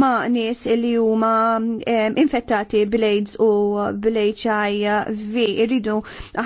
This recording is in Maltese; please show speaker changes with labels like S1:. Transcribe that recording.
S1: ma nies li huma infettati bil-AIDS u bil-HIV irridu